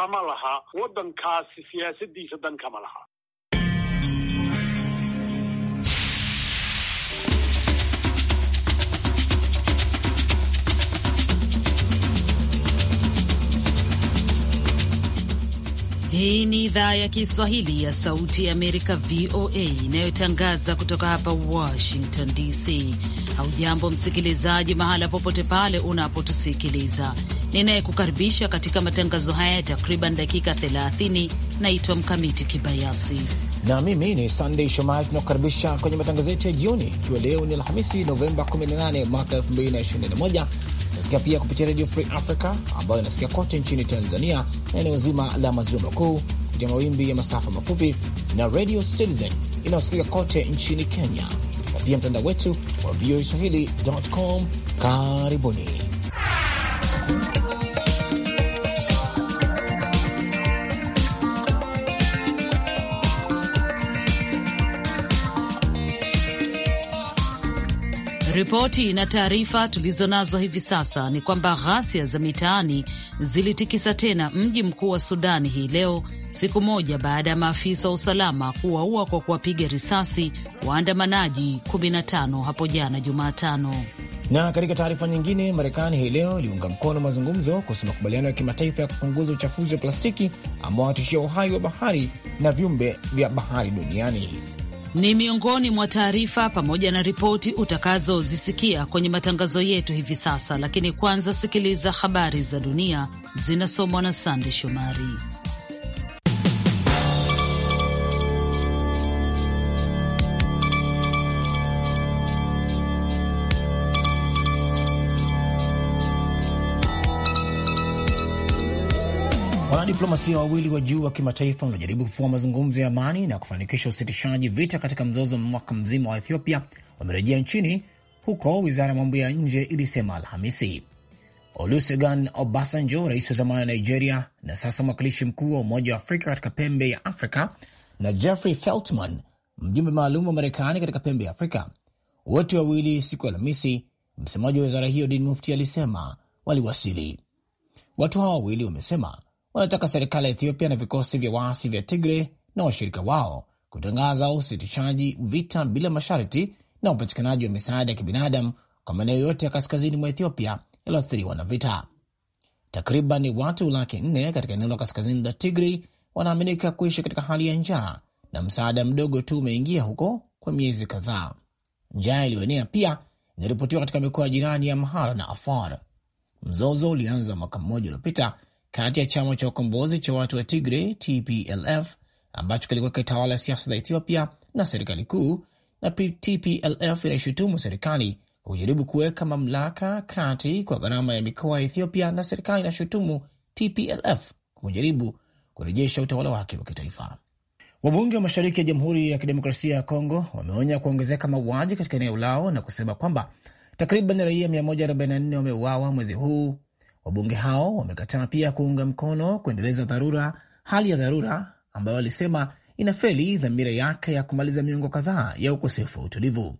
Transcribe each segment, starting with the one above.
kama lahaa waddankaasi siyaasadiisa dan kama lahaa Hii ni idhaa ya Kiswahili ya Sauti ya Amerika, VOA, inayotangaza kutoka hapa Washington DC. Haujambo msikilizaji, mahala popote pale unapotusikiliza. Ninayekukaribisha katika matangazo haya ya takriban dakika 30 naitwa Mkamiti Kibayasi na mimi ni sandey Shomari. Tunakukaribisha kwenye matangazo yetu ya jioni, ikiwa leo ni Alhamisi Novemba 18 mwaka 2021 Tunasikia pia kupitia Radio Free Africa ambayo inasikia kote nchini Tanzania na eneo zima la maziwa makuu kupitia mawimbi ya masafa mafupi na Radio Citizen inayosikika kote nchini Kenya na pia mtandao wetu wa swahilicom Karibuni. Ripoti na taarifa tulizonazo hivi sasa ni kwamba ghasia za mitaani zilitikisa tena mji mkuu wa Sudani hii leo, siku moja baada ya maafisa wa usalama kuwaua kwa kuwapiga risasi waandamanaji 15 hapo jana Jumatano. Na katika taarifa nyingine, Marekani hii leo iliunga mkono mazungumzo kuhusu makubaliano ya kimataifa ya kupunguza uchafuzi wa plastiki ambao watishia uhai wa bahari na viumbe vya bahari duniani ni miongoni mwa taarifa pamoja na ripoti utakazozisikia kwenye matangazo yetu hivi sasa, lakini kwanza sikiliza habari za dunia zinasomwa na Sande Shomari. Wanadiplomasia wawili wa juu wa kimataifa wanaojaribu kufua mazungumzo ya amani na kufanikisha usitishaji vita katika mzozo mwaka mzima wa Ethiopia wamerejea nchini huko, wizara ya mambo ya nje ilisema Alhamisi. Olusegun Obasanjo, rais wa zamani wa Nigeria na sasa mwakilishi mkuu wa Umoja wa Afrika katika pembe ya Afrika, na Jeffrey Feltman, mjumbe maalum wa Marekani katika pembe ya Afrika, wote wawili siku ya Alhamisi, msemaji wa wizara hiyo Din Mufti alisema waliwasili. Watu hawa wawili wamesema wanataka serikali ya Ethiopia na vikosi vya waasi vya Tigre na washirika wao kutangaza usitishaji vita bila masharti na upatikanaji wa misaada ya kibinadamu kwa maeneo yote ya kaskazini mwa Ethiopia yaliyoathiriwa na vita. Takriban watu laki nne katika eneo la kaskazini la Tigri wanaaminika kuishi katika hali ya njaa na msaada mdogo tu umeingia huko kwa miezi kadhaa. Njaa iliyoenea pia inaripotiwa katika mikoa ya jirani ya Amhara na Afar. Mzozo ulianza mwaka mmoja uliopita kati ya chama cha ukombozi cha watu wa Tigre TPLF ambacho kilikuwa kitawala siasa za Ethiopia na serikali kuu, na TPLF inaishutumu serikali kujaribu kuweka mamlaka kati kwa gharama ya mikoa ya Ethiopia, na serikali inashutumu TPLF kujaribu kurejesha utawala wake wa kitaifa. Wabunge wa mashariki ya Jamhuri ya Kidemokrasia ya Kongo wameonya kuongezeka mauaji katika eneo lao na kusema kwamba takriban raia 144 wameuawa mwezi huu Wabunge hao wamekataa pia kuunga mkono kuendeleza dharura, hali ya dharura ambayo walisema inafeli dhamira yake ya kumaliza miongo kadhaa ya ukosefu wa utulivu.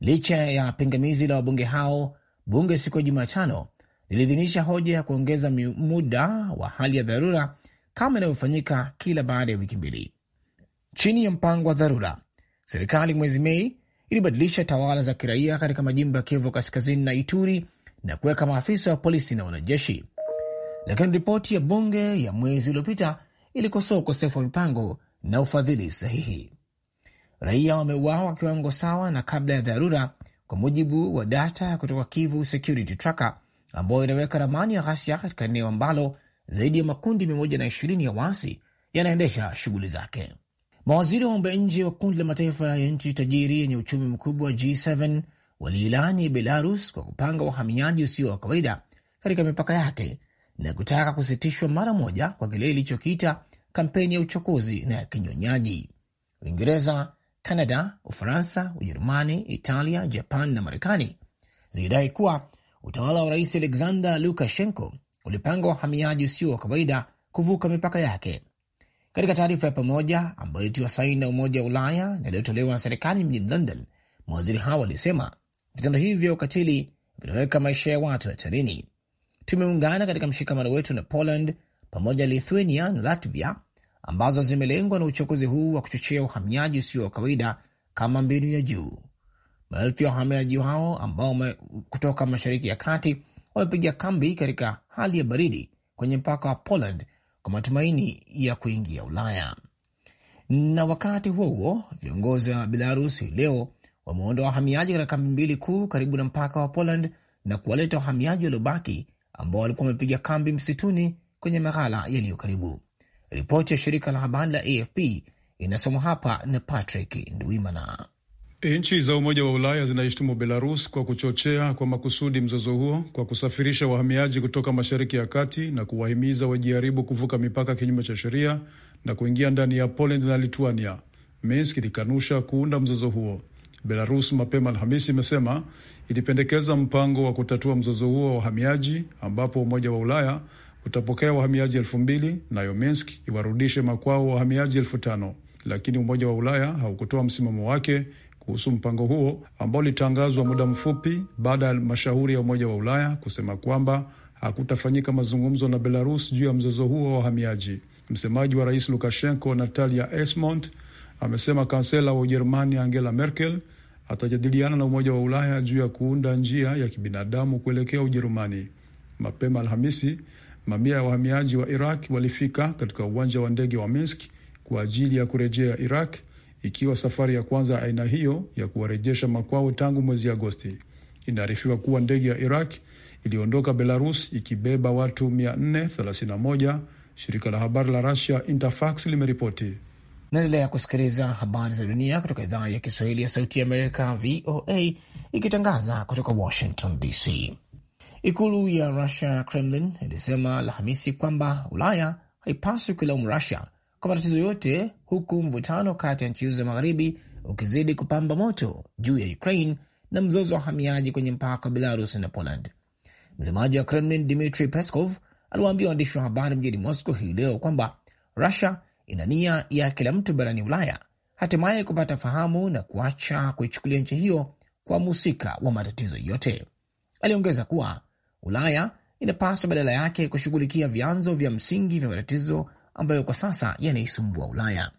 Licha ya pingamizi la wabunge hao, bunge siku ya Jumatano liliidhinisha hoja ya kuongeza muda wa hali ya dharura kama inavyofanyika kila baada ya wiki mbili. Chini ya mpango wa dharura, serikali mwezi Mei ilibadilisha tawala za kiraia katika majimbo ya Kivu Kaskazini na Ituri na kuweka maafisa wa polisi na wanajeshi. Lakini ripoti ya bunge ya mwezi uliopita ilikosoa ukosefu wa mipango na ufadhili sahihi. Raia wameuawa kiwango sawa na kabla ya dharura, kwa mujibu wa data kutoka Kivu Security Tracker ambayo inaweka ramani ya ghasia katika eneo ambalo zaidi ya makundi 120 ya waasi yanaendesha shughuli zake. Mawaziri wa mambo ya nje wa kundi la mataifa ya nchi tajiri yenye uchumi mkubwa G7 waliilani Belarus kwa kupanga uhamiaji usio wa kawaida katika mipaka yake na kutaka kusitishwa mara moja kwa kile ilichokiita kampeni ya uchokozi na ya kinyonyaji. Uingereza, Kanada, Ufaransa, Ujerumani, Italia, Japan na Marekani zilidai kuwa utawala wa Rais Alexander Lukashenko ulipanga wahamiaji usio wa kawaida kuvuka mipaka yake. Katika taarifa ya pamoja ambayo ilitiwa saini na Umoja wa Ulaya na iliyotolewa na serikali mjini London, mawaziri hao walisema Vitendo hivi vya ukatili vinaweka maisha ya watu hatarini. Tumeungana katika mshikamano wetu na Poland pamoja na Lithuania na Latvia ambazo zimelengwa na uchokozi huu wa kuchochea uhamiaji usio wa kawaida kama mbinu ya juu. Maelfu ya wahamiaji hao ambao kutoka Mashariki ya Kati wamepiga kambi katika hali ya baridi kwenye mpaka wa Poland kwa matumaini ya kuingia Ulaya. Na wakati huo huo, viongozi wa Belarus leo wameondoa wahamiaji katika kambi mbili kuu karibu na mpaka wa Poland na kuwaleta wahamiaji waliobaki ambao walikuwa wamepiga kambi msituni kwenye maghala yaliyo karibu. Ripoti ya shirika la habari la AFP inasomwa hapa na Patrick Ndwimana. Nchi za Umoja wa Ulaya zinaishtumu Belarus kwa kuchochea kwa makusudi mzozo huo kwa kusafirisha wahamiaji kutoka Mashariki ya Kati na kuwahimiza wajaribu kuvuka mipaka kinyume cha sheria na kuingia ndani ya Poland na Lituania. Minsk ilikanusha kuunda mzozo huo. Belarus mapema Alhamisi imesema ilipendekeza mpango wa kutatua mzozo huo wa wahamiaji, ambapo Umoja wa Ulaya utapokea wahamiaji elfu mbili nayo Minsk iwarudishe makwao wahamiaji elfu tano lakini Umoja wa Ulaya haukutoa msimamo wake kuhusu mpango huo ambao ulitangazwa muda mfupi baada ya mashauri ya Umoja wa Ulaya kusema kwamba hakutafanyika mazungumzo na Belarus juu ya mzozo huo wa wahamiaji. Msemaji wa rais Lukashenko, Natalia Esmont, amesema kansela wa Ujerumani Angela Merkel atajadiliana na Umoja wa Ulaya juu ya kuunda njia ya kibinadamu kuelekea Ujerumani. Mapema Alhamisi, mamia ya wahamiaji wa Iraq walifika katika uwanja wa ndege wa Minsk kwa ajili ya kurejea Iraq, ikiwa safari ya kwanza ya aina hiyo ya kuwarejesha makwao tangu mwezi Agosti. Inaarifiwa kuwa ndege ya Iraq iliondoka Belarus ikibeba watu 431, shirika la habari la Russia Interfax limeripoti. Naendelea kusikiliza habari za dunia kutoka idhaa ya Kiswahili ya Sauti ya Amerika, VOA, ikitangaza kutoka Washington DC. Ikulu ya Rusia, Kremlin, ilisema Alhamisi kwamba Ulaya haipaswi kuilaumu Rusia kwa matatizo yote, huku mvutano kati ya nchi hizo za magharibi ukizidi kupamba moto juu ya Ukraine na mzozo wa wahamiaji kwenye mpaka wa Belarus na Poland. Msemaji wa Kremlin Dmitri Peskov aliwaambia waandishi wa habari mjini Moscow hii leo kwamba Rusia ina nia ya kila mtu barani Ulaya hatimaye kupata fahamu na kuacha kuichukulia nchi hiyo kwa mhusika wa matatizo yote. Aliongeza kuwa Ulaya inapaswa badala yake kushughulikia vyanzo vya msingi vya matatizo ambayo kwa sasa yanaisumbua Ulaya.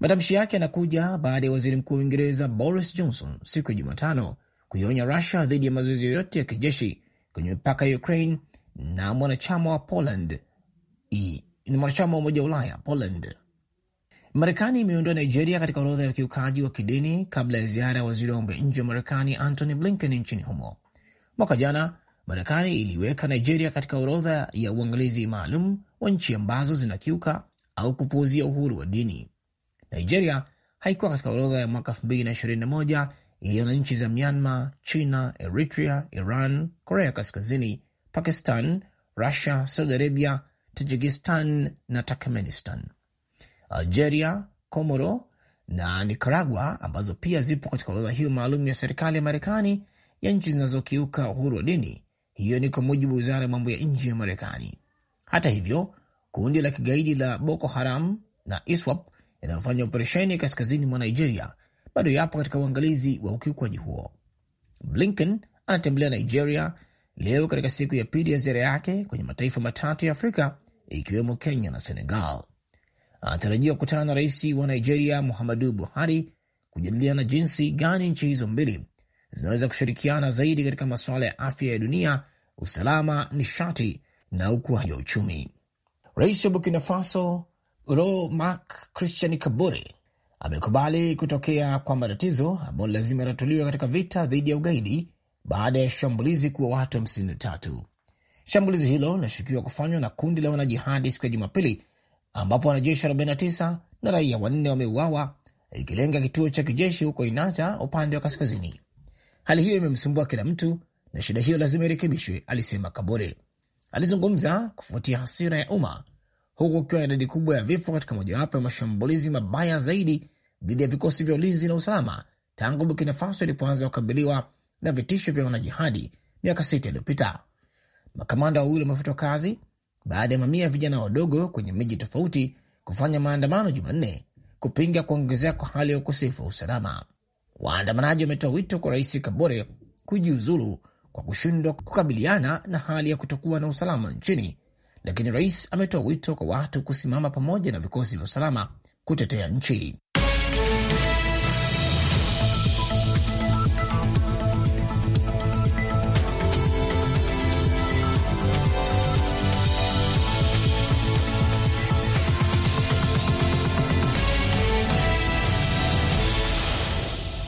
Matamshi yake yanakuja baada ya waziri mkuu wa Uingereza Boris Johnson siku ya Jumatano kuionya Rusia dhidi ya mazoezi yoyote ya kijeshi kwenye mipaka ya Ukraine na mwanachama wa Poland e ni mwanachama wa Umoja wa Ulaya. Poland, Marekani imeondoa Nigeria katika orodha ya ukiukaji wa kidini kabla ya ziara ya waziri wa mambo ya nje wa Marekani Antony Blinken nchini humo. Mwaka jana Marekani iliweka Nigeria katika orodha ya uangalizi maalum wa nchi ambazo zinakiuka au kupuuzia uhuru wa dini. Nigeria haikuwa katika orodha ya mwaka 2021 iliyo na nchi za Myanmar, China, Eritrea, Iran, Korea Kaskazini, Pakistan, Russia, Saudi Arabia, Tajikistan na Turkmenistan. Algeria, Komoro na Nicaragua ambazo pia zipo katika orodha hiyo maalum ya serikali ya Marekani ya nchi zinazokiuka uhuru wa dini. Hiyo ni kwa mujibu wa wizara ya mambo ya nje ya Marekani. Hata hivyo, kundi la kigaidi la Boko Haram na ISWAP yanayofanya operesheni kaskazini mwa Nigeria bado yapo katika uangalizi wa ukiukwaji huo. Blinken anatembelea Nigeria leo katika siku ya pili ya ziara yake kwenye mataifa matatu ya Afrika ikiwemo Kenya na Senegal. Anatarajiwa kukutana na rais wa Nigeria Muhammadu Buhari kujadiliana jinsi gani nchi hizo mbili zinaweza kushirikiana zaidi katika masuala ya afya ya dunia, usalama, nishati na ukuaji wa uchumi. Rais wa Burkina Faso Ro Mak Christian Kabore amekubali kutokea kwa matatizo ambayo lazima yatatuliwa katika vita dhidi ya ugaidi baada ya shambulizi kuwa watu hamsini tatu Shambulizi hilo linashukiwa kufanywa na kundi la wanajihadi siku ya Jumapili, ambapo wanajeshi 49 na raia wanne wameuawa, ikilenga kituo cha kijeshi huko Inata upande wa kaskazini. Hali hiyo imemsumbua kila mtu na shida hiyo lazima irekebishwe, alisema Kabore. Alizungumza kufuatia hasira ya umma huku ukiwa na idadi kubwa ya vifo katika mojawapo ya mashambulizi mabaya zaidi dhidi ya vikosi vya ulinzi na usalama tangu Burkina Faso ilipoanza kukabiliwa na vitisho vya wanajihadi miaka sita iliyopita makamanda wawili wamefutwa kazi baada ya mamia ya vijana wadogo kwenye miji tofauti kufanya maandamano Jumanne kupinga kuongezeka kwa hali ya ukosefu wa usalama. Waandamanaji wametoa wito kwa rais Kabore kujiuzulu kwa kushindwa kukabiliana na hali ya kutokuwa na usalama nchini, lakini rais ametoa wito kwa watu kusimama pamoja na vikosi vya usalama kutetea nchi.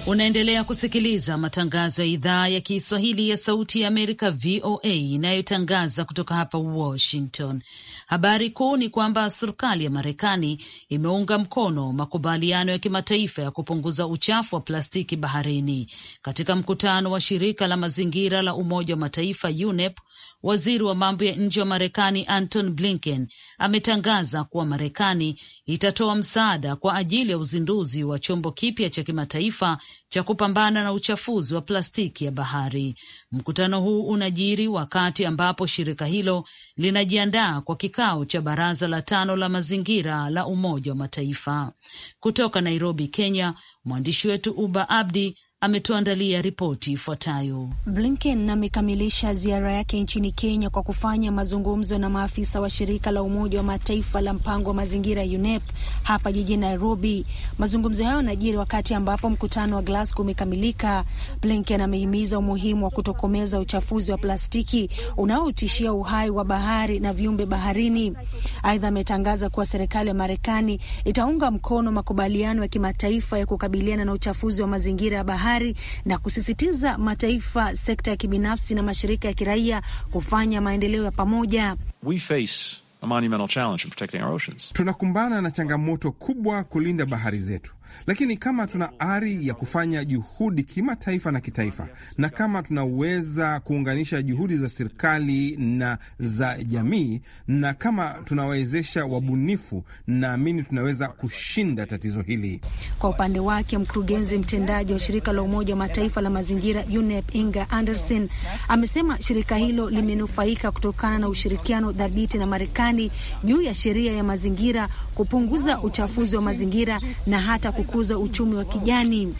Unaendelea kusikiliza matangazo ya idhaa ya Kiswahili ya Sauti ya Amerika, VOA, inayotangaza kutoka hapa Washington. Habari kuu ni kwamba serikali ya Marekani imeunga mkono makubaliano ya kimataifa ya kupunguza uchafu wa plastiki baharini. Katika mkutano wa shirika la mazingira la Umoja wa Mataifa UNEP Waziri wa mambo ya nje wa Marekani Anton Blinken ametangaza kuwa Marekani itatoa msaada kwa ajili ya uzinduzi wa chombo kipya cha kimataifa cha kupambana na uchafuzi wa plastiki ya bahari. Mkutano huu unajiri wakati ambapo shirika hilo linajiandaa kwa kikao cha baraza la tano la mazingira la Umoja wa Mataifa. Kutoka Nairobi, Kenya, mwandishi wetu Uba Abdi ametuandalia ripoti ifuatayo. Blinken amekamilisha ziara yake nchini Kenya kwa kufanya mazungumzo na maafisa wa shirika la Umoja wa Mataifa la mpango wa mazingira UNEP hapa jijini Nairobi. Mazungumzo hayo yanajiri wakati ambapo mkutano wa Glasgow umekamilika. Blinken amehimiza umuhimu wa kutokomeza uchafuzi wa plastiki unaotishia uhai wa bahari na viumbe baharini. Aidha, ametangaza kuwa serikali ya Marekani itaunga mkono makubaliano ya kimataifa ya kukabiliana na uchafuzi wa mazingira ya bahari habari na kusisitiza mataifa, sekta ya kibinafsi na mashirika ya kiraia kufanya maendeleo ya pamoja. We face a monumental challenge in protecting our oceans. Tunakumbana na changamoto kubwa kulinda bahari zetu lakini kama tuna ari ya kufanya juhudi kimataifa na kitaifa, na kama tunaweza kuunganisha juhudi za serikali na za jamii, na kama tunawawezesha wabunifu, naamini tunaweza kushinda tatizo hili. Kwa upande wake, mkurugenzi mtendaji wa shirika la Umoja wa Mataifa la mazingira UNEP Inga Anderson amesema shirika hilo limenufaika kutokana na ushirikiano dhabiti na Marekani juu ya sheria ya mazingira, kupunguza uchafuzi wa mazingira na hata kukuza uchumi wa kijani.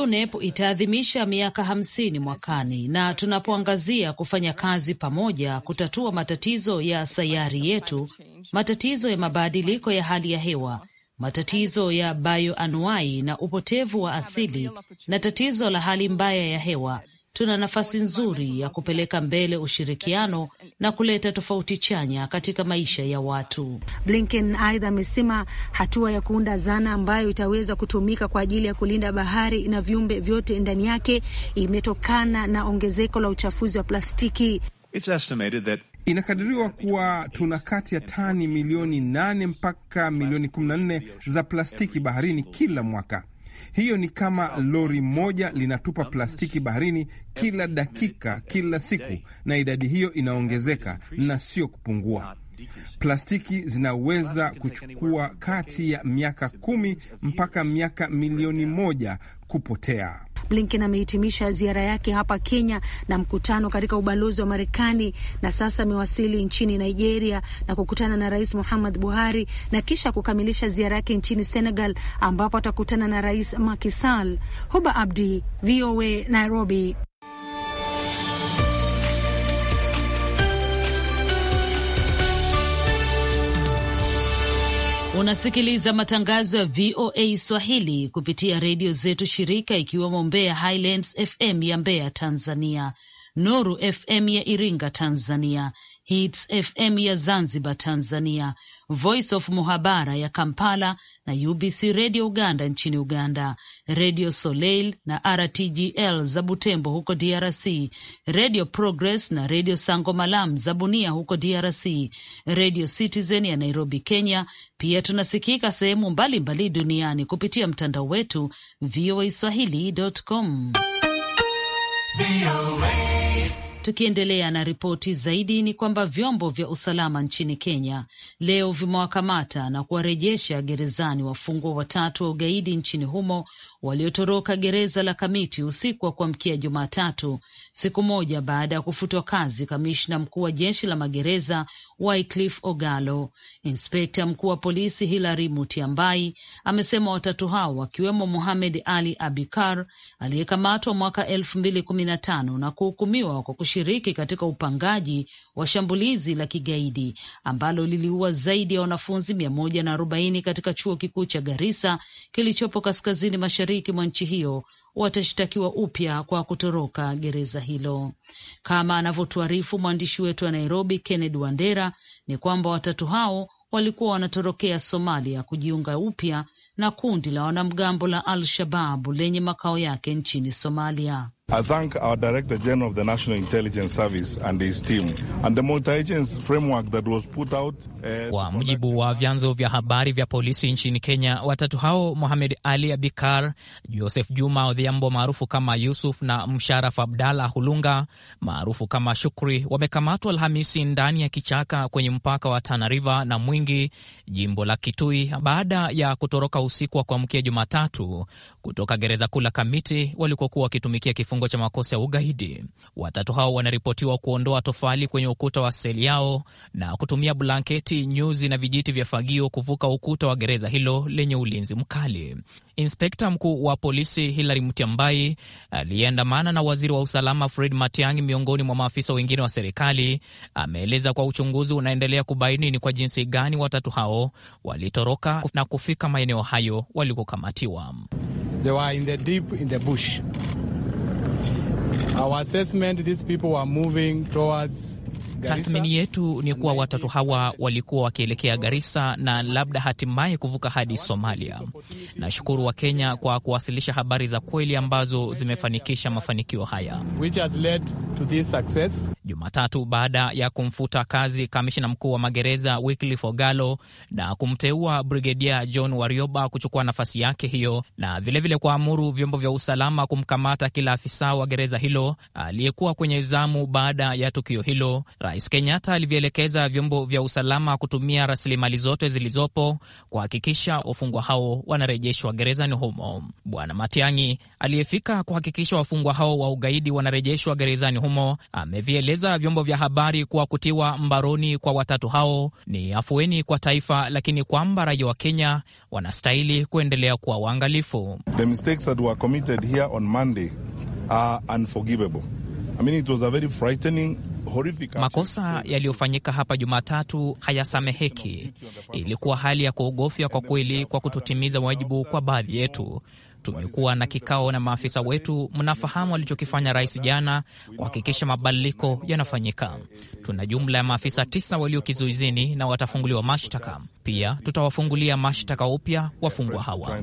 UNEP itaadhimisha miaka hamsini mwakani na tunapoangazia kufanya kazi pamoja kutatua matatizo ya sayari yetu, matatizo ya mabadiliko ya hali ya hewa, matatizo ya bayoanuai na upotevu wa asili na tatizo la hali mbaya ya hewa tuna nafasi nzuri ya kupeleka mbele ushirikiano na kuleta tofauti chanya katika maisha ya watu. Blinken aidha amesema hatua ya kuunda zana ambayo itaweza kutumika kwa ajili ya kulinda bahari na viumbe vyote ndani yake imetokana na ongezeko la uchafuzi wa plastiki. It's inakadiriwa kuwa tuna kati ya tani milioni 8 mpaka milioni 14 za plastiki baharini kila mwaka. Hiyo ni kama lori moja linatupa plastiki baharini kila dakika, kila siku, na idadi hiyo inaongezeka na sio kupungua. Plastiki zinaweza kuchukua kati ya miaka kumi mpaka miaka milioni moja kupotea. Blinken amehitimisha ziara yake hapa Kenya na mkutano katika ubalozi wa Marekani na sasa amewasili nchini Nigeria na kukutana na Rais Muhammad Buhari na kisha kukamilisha ziara yake nchini Senegal ambapo atakutana na Rais Macky Sall. Huba Abdi, VOA, Nairobi. Unasikiliza matangazo ya VOA Swahili kupitia redio zetu shirika, ikiwemo Mbeya Highlands FM ya Mbeya Tanzania, Noru FM ya Iringa Tanzania, Hits FM ya Zanzibar Tanzania, Voice of Muhabara ya Kampala na UBC Redio Uganda nchini Uganda, Redio Soleil na RTGL za Butembo huko DRC, Redio Progress na Redio Sango Malam za Bunia huko DRC, Redio Citizen ya Nairobi, Kenya. Pia tunasikika sehemu mbalimbali duniani kupitia mtandao wetu voa voaswahili.com. Tukiendelea na ripoti zaidi ni kwamba vyombo vya usalama nchini Kenya leo vimewakamata na kuwarejesha gerezani wafungwa watatu wa ugaidi nchini humo waliotoroka gereza la Kamiti usiku wa kuamkia Jumatatu siku moja baada ya kufutwa kazi kamishna mkuu wa jeshi la magereza Wycliffe Ogalo. Inspekta mkuu wa polisi Hilary Mutiambai amesema watatu hao wakiwemo Muhamed Ali Abikar aliyekamatwa mwaka elfu mbili kumi na tano na kuhukumiwa kwa kushiriki katika upangaji wa shambulizi la kigaidi ambalo liliua zaidi ya wanafunzi mia moja na arobaini katika chuo kikuu cha Garisa kilichopo kaskazini mashariki mwa nchi hiyo watashtakiwa upya kwa kutoroka gereza hilo. Kama anavyotuarifu mwandishi wetu wa Nairobi, Kennedy Wandera, ni kwamba watatu hao walikuwa wanatorokea Somalia kujiunga upya na kundi la wanamgambo la Al-Shababu lenye makao yake nchini Somalia. I thank our Director General of the National Intelligence Service and his team. And the multi-agency framework that was put out, uh, kwa mujibu wa vyanzo vya habari vya polisi nchini Kenya, watatu hao Mohamed Ali Abikar, Joseph Juma Odhiambo maarufu kama Yusuf na Msharaf Abdalla Hulunga maarufu kama Shukri wamekamatwa Alhamisi ndani ya kichaka kwenye mpaka wa Tana River na Mwingi, jimbo la Kitui, baada ya kutoroka usiku wa kuamkia Jumatatu kutoka gereza kuu la Kamiti walikokuwa wakitumikia kifungo cha makosa ya ugaidi. Watatu hao wanaripotiwa kuondoa tofali kwenye ukuta wa seli yao na kutumia blanketi, nyuzi na vijiti vya fagio kuvuka ukuta wa gereza hilo lenye ulinzi mkali. Inspekta mkuu wa polisi Hilary Mutyambai aliyeandamana na waziri wa usalama Fred Matiang'i miongoni mwa maafisa wengine wa serikali ameeleza kwa uchunguzi unaendelea kubaini ni kwa jinsi gani watatu hao walitoroka na kufika maeneo hayo walikokamatiwa. Our assessment, these people are moving towards Tathmini yetu ni kuwa watatu hawa walikuwa wakielekea Garissa na labda hatimaye kuvuka hadi Somalia. Nashukuru Wakenya kwa kuwasilisha habari za kweli ambazo zimefanikisha mafanikio haya. Jumatatu, baada ya kumfuta kazi kamishina mkuu wa magereza Wycliffe Ogalo na kumteua Brigedia John Warioba kuchukua nafasi yake hiyo, na vilevile kuamuru vyombo vya usalama kumkamata kila afisa wa gereza hilo aliyekuwa kwenye zamu baada ya tukio hilo. Rais Kenyatta alivyoelekeza vyombo vya usalama kutumia rasilimali zote zilizopo kuhakikisha wafungwa hao wanarejeshwa gerezani humo. Bwana Matiang'i aliyefika kuhakikisha wafungwa hao wa ugaidi wanarejeshwa gerezani humo amevieleza vyombo vya habari kuwa kutiwa mbaroni kwa watatu hao ni afueni kwa taifa, lakini kwamba raia wa Kenya wanastahili kuendelea kuwa waangalifu. The Makosa yaliyofanyika hapa Jumatatu hayasameheki. Ilikuwa hali ya kuogofya kwa kweli, kwa kutotimiza wajibu kwa baadhi yetu. Tumekuwa na kikao na maafisa wetu, mnafahamu alichokifanya rais jana kuhakikisha mabadiliko yanafanyika. Tuna jumla ya maafisa tisa walio kizuizini na watafunguliwa mashtaka. Pia tutawafungulia mashtaka upya wafungwa hawa.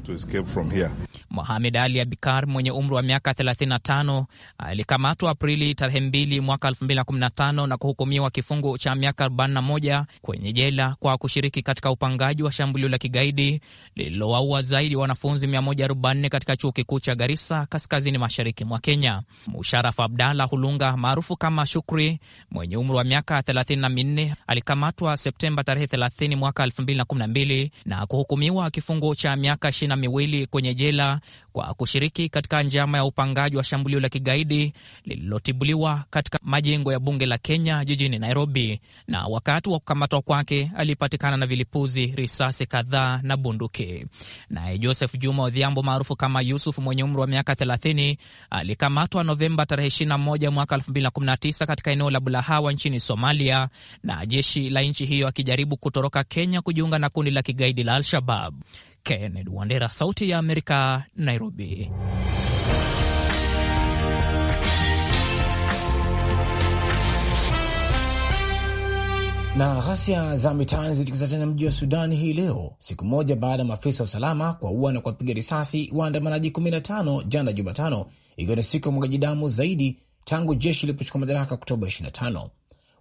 Mohamed Ali Abikar mwenye umri wa miaka 35 alikamatwa Aprili tarehe 2 mwaka 2015 na kuhukumiwa kifungo cha miaka 41 kwenye jela kwa kushiriki katika upangaji wa shambulio la kigaidi lililowaua zaidi wanafunzi 140 ni katika chuo kikuu cha Garissa kaskazini mashariki mwa Kenya. Musharaf Abdalla Hulunga maarufu kama Shukri mwenye umri wa miaka 34 alikamatwa Septemba tarehe 30 mwaka 2012 na kuhukumiwa kifungo cha miaka 2 miwili kwenye jela kwa kushiriki katika njama ya upangaji wa shambulio la kigaidi lililotibuliwa katika majengo ya bunge la Kenya jijini Nairobi. Na wakati wa kukamatwa kwake alipatikana na vilipuzi, risasi kadhaa na bunduki. Naye Joseph Juma Odhiambo maarufu kama Yusuf mwenye umri wa miaka 30 alikamatwa Novemba tarehe 21 mwaka 2019 katika eneo la Bulahawa nchini Somalia na jeshi la nchi hiyo akijaribu kutoroka Kenya kujiunga na kundi la kigaidi la Al-Shabab. Kennedy Wandera, Sauti ya Amerika, Nairobi. Na ghasia za mitaani zilitikisa tena mji wa Sudani hii leo, siku moja baada ya maafisa wa usalama kuwaua na kuwapiga risasi waandamanaji 15 jana Jumatano, ikiwa ni siku ya mwagaji damu zaidi tangu jeshi lilipochukua madaraka Oktoba 25.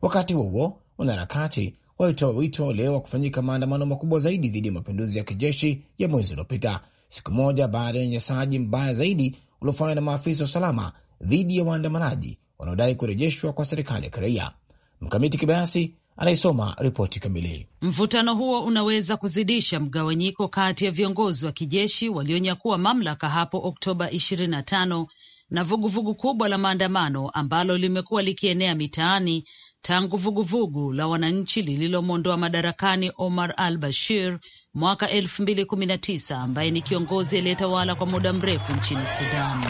Wakati huo huo, wanaharakati walitoa wito leo wa kufanyika maandamano makubwa zaidi dhidi ya mapinduzi ya kijeshi ya mwezi uliopita, siku moja baada ya unyanyasaji mbaya zaidi uliofanywa na maafisa wa usalama dhidi ya waandamanaji wanaodai kurejeshwa kwa serikali ya kiraia. Mkamiti Kibayasi anayesoma ripoti kamili. Mvutano huo unaweza kuzidisha mgawanyiko kati ya viongozi wa kijeshi walionyakua mamlaka hapo Oktoba 25 na vuguvugu kubwa la maandamano ambalo limekuwa likienea mitaani tangu vuguvugu la wananchi lililomwondoa madarakani Omar al Bashir mwaka 2019 ambaye ni kiongozi aliyetawala kwa muda mrefu nchini Sudan.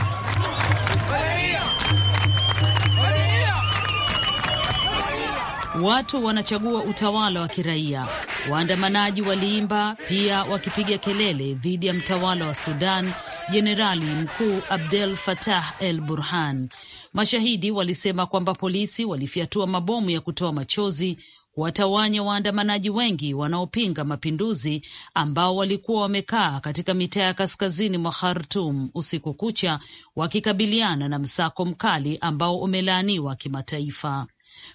watu wanachagua utawala wa kiraia. Waandamanaji waliimba pia wakipiga kelele dhidi ya mtawala wa Sudan, Jenerali Mkuu Abdel Fattah el Burhan. Mashahidi walisema kwamba polisi walifyatua mabomu ya kutoa machozi watawanya waandamanaji wengi wanaopinga mapinduzi ambao walikuwa wamekaa katika mitaa ya kaskazini mwa Khartum usiku kucha wakikabiliana na msako mkali ambao umelaaniwa kimataifa.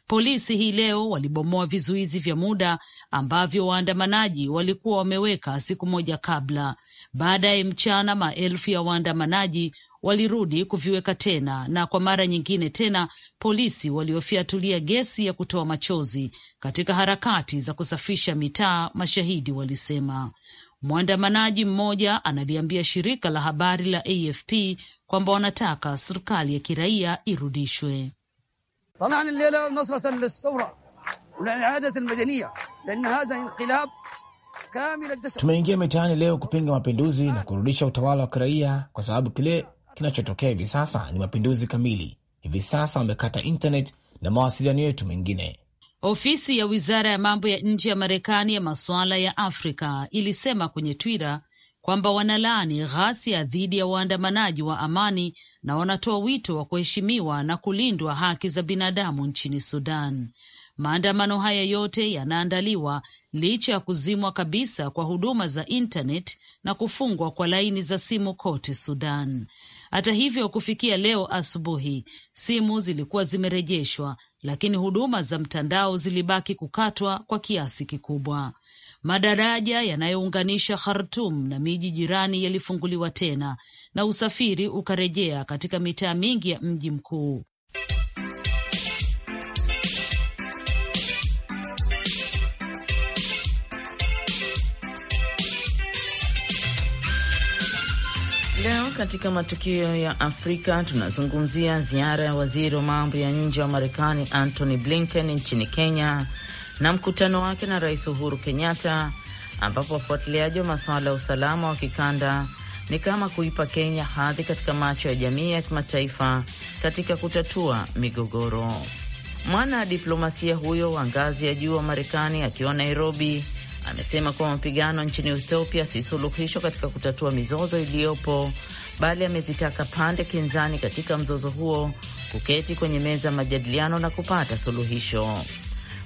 Polisi hii leo walibomoa vizuizi vya muda ambavyo waandamanaji walikuwa wameweka siku moja kabla. Baadaye mchana, maelfu ya waandamanaji walirudi kuviweka tena, na kwa mara nyingine tena polisi waliofyatulia gesi ya kutoa machozi katika harakati za kusafisha mitaa, mashahidi walisema. Mwandamanaji mmoja analiambia shirika la habari la AFP kwamba wanataka serikali ya kiraia irudishwe. طلعنا الليله نصرة للثورة ولإعادة المدنية لأن هذا انقلاب كامل الدسم. Tumeingia mitaani leo kupinga mapinduzi na kurudisha utawala wa kiraia, kwa sababu kile kinachotokea hivi sasa ni mapinduzi kamili. Hivi sasa wamekata internet na mawasiliano yetu mengine. Ofisi ya wizara ya mambo ya nje ya Marekani ya masuala ya Afrika ilisema kwenye Twitter kwamba wanalaani ghasia dhidi ya waandamanaji wa amani na wanatoa wito wa kuheshimiwa na kulindwa haki za binadamu nchini Sudan. Maandamano haya yote yanaandaliwa licha ya kuzimwa kabisa kwa huduma za intanet na kufungwa kwa laini za simu kote Sudan. Hata hivyo, kufikia leo asubuhi, simu zilikuwa zimerejeshwa, lakini huduma za mtandao zilibaki kukatwa kwa kiasi kikubwa. Madaraja yanayounganisha Khartum na miji jirani yalifunguliwa tena na usafiri ukarejea katika mitaa mingi ya mji mkuu. Leo katika matukio ya Afrika tunazungumzia ziara ya waziri wa mambo ya nje wa Marekani Antony Blinken nchini Kenya na mkutano wake na Rais Uhuru Kenyatta, ambapo wafuatiliaji wa masuala ya usalama wa kikanda ni kama kuipa Kenya hadhi katika macho ya jamii ya kimataifa katika kutatua migogoro. Mwana diplomasia huyo wa ngazi ya juu wa Marekani akiwa Nairobi amesema kuwa mapigano nchini Ethiopia si suluhisho katika kutatua mizozo iliyopo, bali amezitaka pande kinzani katika mzozo huo kuketi kwenye meza ya majadiliano na kupata suluhisho.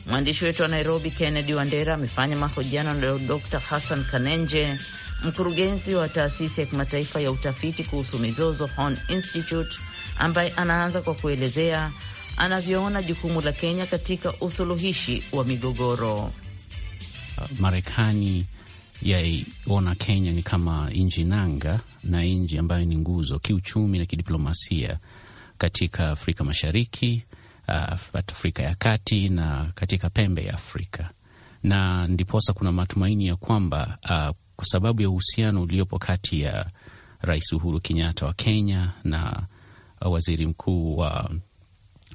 Mwandishi wetu wa Nairobi, Kennedy Wandera, amefanya mahojiano na Dr Hassan Kanenje, mkurugenzi wa taasisi ya kimataifa ya utafiti kuhusu mizozo Horn Institute, ambaye anaanza kwa kuelezea anavyoona jukumu la Kenya katika usuluhishi wa migogoro. Marekani yaiona Kenya ni kama nchi nanga na nchi ambayo ni nguzo kiuchumi na kidiplomasia katika Afrika Mashariki Uh, Afrika ya Kati na katika pembe ya Afrika, na ndiposa kuna matumaini ya kwamba uh, kwa sababu ya uhusiano uliopo kati ya Rais Uhuru Kenyatta wa Kenya na waziri mkuu wa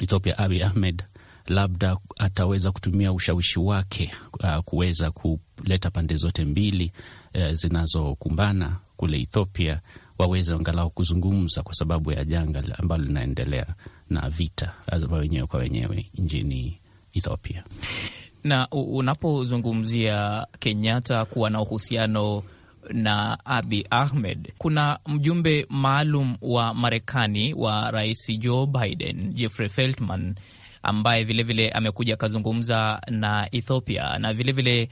Ethiopia Abiy Ahmed, labda ataweza kutumia ushawishi wake uh, kuweza kuleta pande zote mbili uh, zinazokumbana kule Ethiopia waweze angalau kuzungumza kwa sababu ya janga ambalo linaendelea na vita vya wenyewe kwa wenyewe nchini Ethiopia. Na unapozungumzia Kenyatta kuwa na uhusiano na Abi Ahmed, kuna mjumbe maalum wa Marekani wa Rais Joe Biden, Jeffrey Feltman, ambaye vilevile vile amekuja akazungumza na Ethiopia na vilevile vile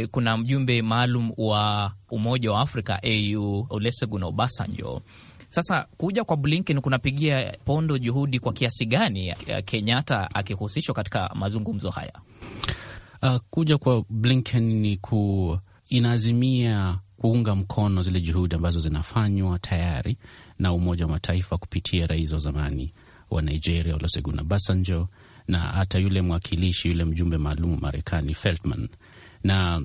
eh, kuna mjumbe maalum wa Umoja wa Afrika au Olusegun Obasanjo sasa kuja kwa Blinken kunapigia pondo juhudi kwa kiasi gani eh, Kenyatta akihusishwa katika mazungumzo haya? Uh, kuja kwa Blinken ni ku inaazimia kuunga mkono zile juhudi ambazo zinafanywa tayari na Umoja wa Mataifa kupitia rais wa zamani wa Nigeria Olusegun Obasanjo na hata yule mwakilishi yule mjumbe maalum wa Marekani Feltman, na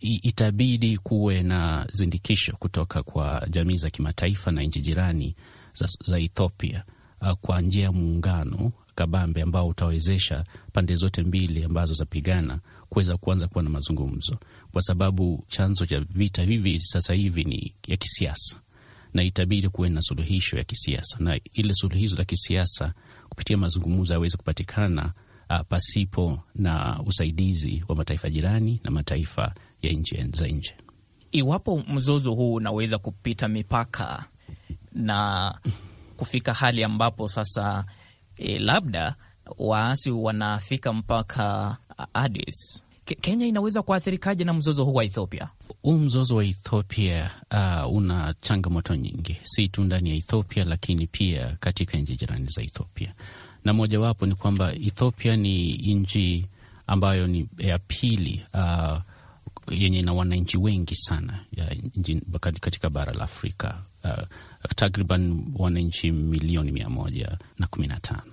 itabidi kuwe na zindikisho kutoka kwa jamii za kimataifa na nchi jirani za, za Ethiopia uh, kwa njia ya muungano kabambe ambao utawezesha pande zote mbili ambazo zapigana kuweza kuanza kuwa na mazungumzo, kwa sababu chanzo cha vita hivi sasa hivi ni ya kisiasa, na itabidi kuwe na suluhisho ya kisiasa, na ile suluhisho la kisiasa kupitia mazungumzo yaweze kupatikana a, uh, pasipo na usaidizi wa mataifa jirani na mataifa ya nchi za nje. Iwapo mzozo huu unaweza kupita mipaka na kufika hali ambapo sasa e, labda waasi wanafika mpaka Addis, Kenya inaweza kuathirikaje na mzozo huu wa Ethiopia? Huu mzozo wa Ethiopia uh, una changamoto nyingi, si tu ndani ya Ethiopia, lakini pia katika nchi jirani za Ethiopia, na mojawapo ni kwamba Ethiopia ni nchi ambayo ni ya pili uh, yenye na wananchi wengi sana ya, katika bara la Afrika uh, takriban wananchi milioni mia moja na kumi na tano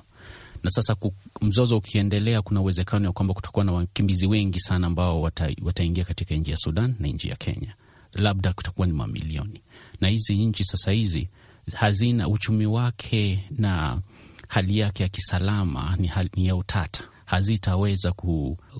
na sasa mzozo ukiendelea, kuna uwezekano ya kwamba kutakuwa na wakimbizi wengi sana ambao wataingia katika nchi ya Sudan na nchi ya Kenya, labda kutakuwa ni mamilioni. Na hizi nchi sasa hizi hazina uchumi wake na hali yake ya kisalama ni, hali, ni ya utata hazitaweza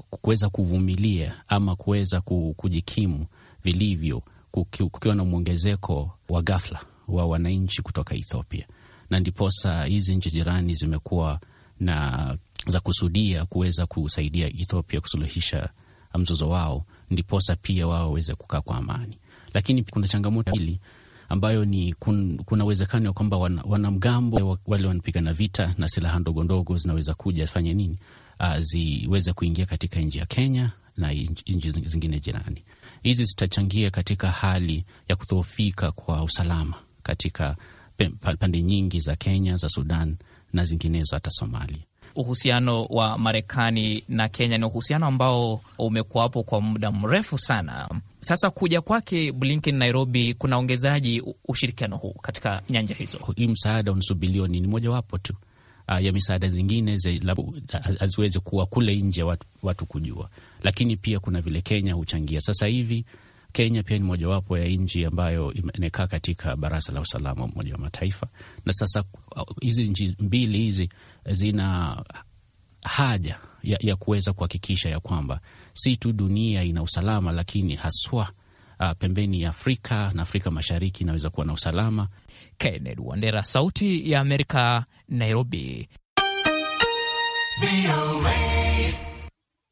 kuweza kuvumilia ama kuweza kujikimu vilivyo kukiwa na mwongezeko wa ghafla wa wananchi kutoka Ethiopia, na ndiposa hizi nchi jirani zimekuwa na za kusudia kuweza kusaidia Ethiopia kusuluhisha mzozo wao, ndiposa pia wao waweze kukaa kwa amani. Lakini kuna changamoto hili ambayo ni kun, kuna uwezekano ya kwamba wanamgambo wale wanapigana vita na silaha ndogo ndogo zinaweza kuja fanye nini, uh, ziweze kuingia katika nchi ya Kenya na nchi zingine jirani. Hizi zitachangia katika hali ya kudhoofika kwa usalama katika pande nyingi za Kenya, za Sudan na zinginezo, hata Somalia. Uhusiano wa Marekani na Kenya ni uhusiano ambao umekuwapo kwa muda mrefu sana. Sasa kuja kwake Blinken Nairobi kunaongezaji ushirikiano huu katika nyanja hizo. Hii msaada unasubiliwa ni mojawapo tu uh, ya misaada zingine uh, haziwezi kuwa kule nje watu, watu kujua, lakini pia kuna vile Kenya huchangia sasa hivi. Kenya pia ni mojawapo ya nchi ambayo imekaa katika Baraza la Usalama Umoja wa Mataifa, na sasa uh, hizi nchi mbili hizi zina haja ya, ya kuweza kuhakikisha ya kwamba si tu dunia ina usalama, lakini haswa uh, pembeni ya Afrika na Afrika Mashariki inaweza kuwa na usalama Kennedy Wandera, Sauti ya Amerika, Nairobi.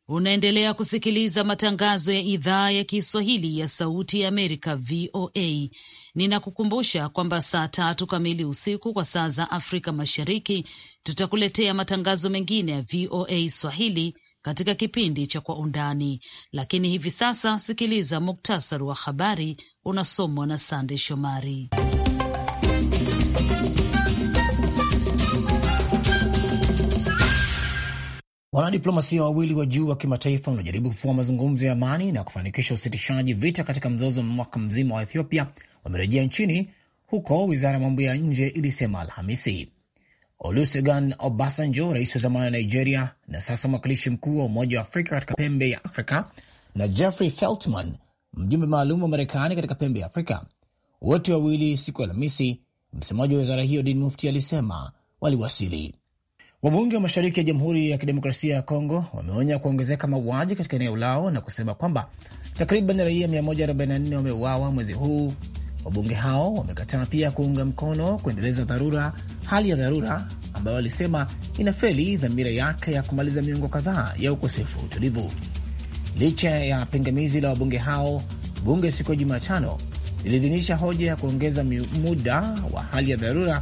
Unaendelea kusikiliza matangazo ya idhaa ya Kiswahili ya Sauti ya Amerika, VOA. Ninakukumbusha kwamba saa tatu kamili usiku kwa saa za Afrika Mashariki tutakuletea matangazo mengine ya VOA Swahili katika kipindi cha Kwa Undani, lakini hivi sasa sikiliza muktasari wa habari unasomwa na Sande Shomari. Wanadiplomasia wawili wa juu wa kimataifa wanaojaribu kufua mazungumzo ya amani na kufanikisha usitishaji vita katika mzozo wa mwaka mzima wa Ethiopia wamerejea nchini huko, wizara ya mambo ya nje ilisema Alhamisi. Olusegun Obasanjo, rais wa zamani wa Nigeria na sasa mwakilishi mkuu wa Umoja wa Afrika katika pembe ya Afrika, na Jeffrey Feltman, mjumbe maalum wa Marekani katika pembe ya Afrika, wote wawili siku ya Alhamisi, msemaji wa wizara hiyo Din Mufti alisema waliwasili. Wabunge wa mashariki ya Jamhuri ya Kidemokrasia ya Kongo wameonya kuongezeka mauaji katika eneo lao na kusema kwamba takriban raia 144 wameuawa mwezi huu. Wabunge hao wamekataa pia kuunga mkono kuendeleza dharura, hali ya dharura ambayo walisema inafeli dhamira yake ya kumaliza miongo kadhaa ya ukosefu wa utulivu. Licha ya pingamizi la wabunge hao, bunge siku ya Jumatano liliidhinisha hoja ya kuongeza muda wa hali ya dharura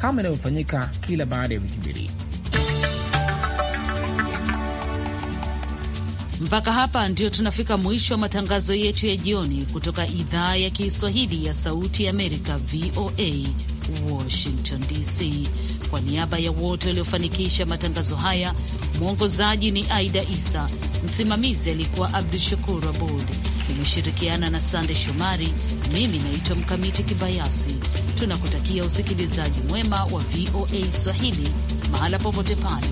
kama inavyofanyika kila baada ya wiki mbili. Mpaka hapa ndio tunafika mwisho wa matangazo yetu ya jioni kutoka idhaa ya Kiswahili ya Sauti ya Amerika, VOA Washington DC. Kwa niaba ya wote waliofanikisha matangazo haya, mwongozaji ni Aida Isa, msimamizi alikuwa Abdu Shakur Abud, nimeshirikiana na Sande Shomari. Mimi naitwa Mkamiti Kibayasi. Tunakutakia usikilizaji mwema wa VOA Swahili mahala popote pale.